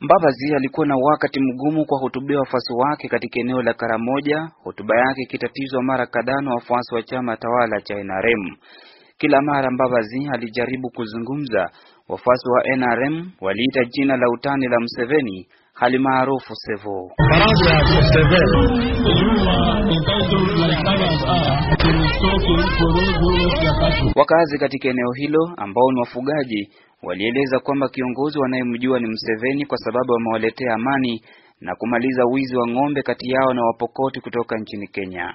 Mbabazi alikuwa na wakati mgumu kwa hutubia wafuasi wake katika eneo la Karamoja, hotuba yake ikitatizwa mara kadhaa na wafuasi wa chama tawala cha NRM. Kila mara Mbabazi alijaribu kuzungumza, wafuasi wa NRM waliita jina la utani la Mseveni, hali maarufu Sevo. Wakazi katika eneo hilo ambao ni wafugaji walieleza kwamba kiongozi wanayemjua ni mseveni kwa sababu amewaletea amani na kumaliza wizi wa ng'ombe kati yao na wapokoti kutoka nchini Kenya.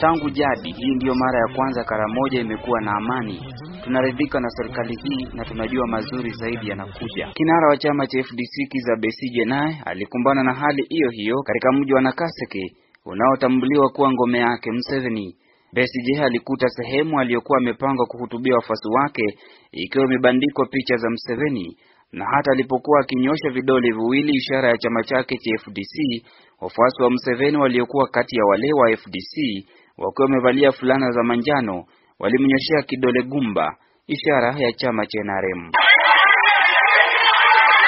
Tangu jadi, hii ndiyo mara ya kwanza Karamoja imekuwa na amani. Tunaridhika na serikali hii na tunajua mazuri zaidi yanakuja. Kinara wa chama cha FDC Kizza Besigye naye alikumbana na hali hiyo hiyo katika mji wa Nakaseke unaotambuliwa kuwa ngome yake Museveni. Besigye alikuta sehemu aliyokuwa amepanga kuhutubia wafuasi wake ikiwa imebandikwa picha za mseveni na hata alipokuwa akinyosha vidole viwili ishara ya chama chake cha FDC, wafuasi wa mseveni waliokuwa kati ya wale wa FDC wakiwa wamevalia fulana za manjano walimnyoshea kidole gumba, ishara ya chama cha NRM.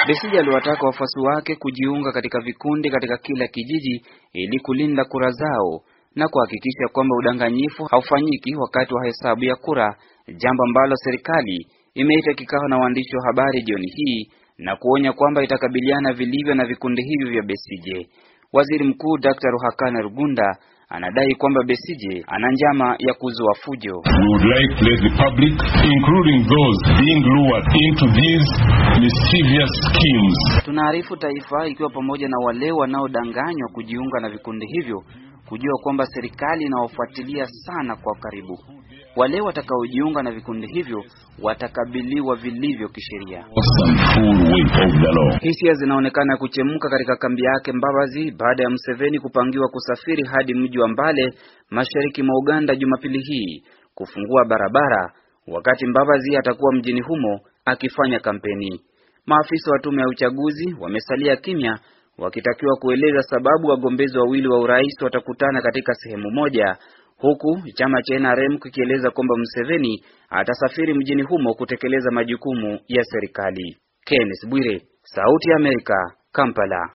Besigye aliwataka wafuasi wake kujiunga katika vikundi katika kila kijiji ili kulinda kura zao na kuhakikisha kwamba udanganyifu haufanyiki wakati wa hesabu ya kura, jambo ambalo serikali imeita kikao na waandishi wa habari jioni hii na kuonya kwamba itakabiliana vilivyo na vikundi hivyo vya Besije. Waziri Mkuu Dr. Ruhakana Rugunda anadai kwamba Besije ana njama ya kuzua fujo. We would like to let the public, including those being lured into these mischievous schemes. Tunaarifu taifa ikiwa pamoja na wale wanaodanganywa kujiunga na vikundi hivyo kujua kwamba serikali inawafuatilia sana kwa karibu. Wale watakaojiunga na vikundi hivyo watakabiliwa vilivyo kisheria. Hisia zinaonekana kuchemka katika kambi yake Mbabazi baada ya Museveni kupangiwa kusafiri hadi mji wa Mbale mashariki mwa Uganda Jumapili hii kufungua barabara, wakati Mbabazi atakuwa mjini humo akifanya kampeni. Maafisa wa tume ya uchaguzi wamesalia kimya wakitakiwa kueleza sababu wagombezi wawili wa urais watakutana katika sehemu moja, huku chama cha NRM kikieleza kwamba Museveni atasafiri mjini humo kutekeleza majukumu ya serikali. Kenneth Bwire, Sauti ya Amerika, Kampala.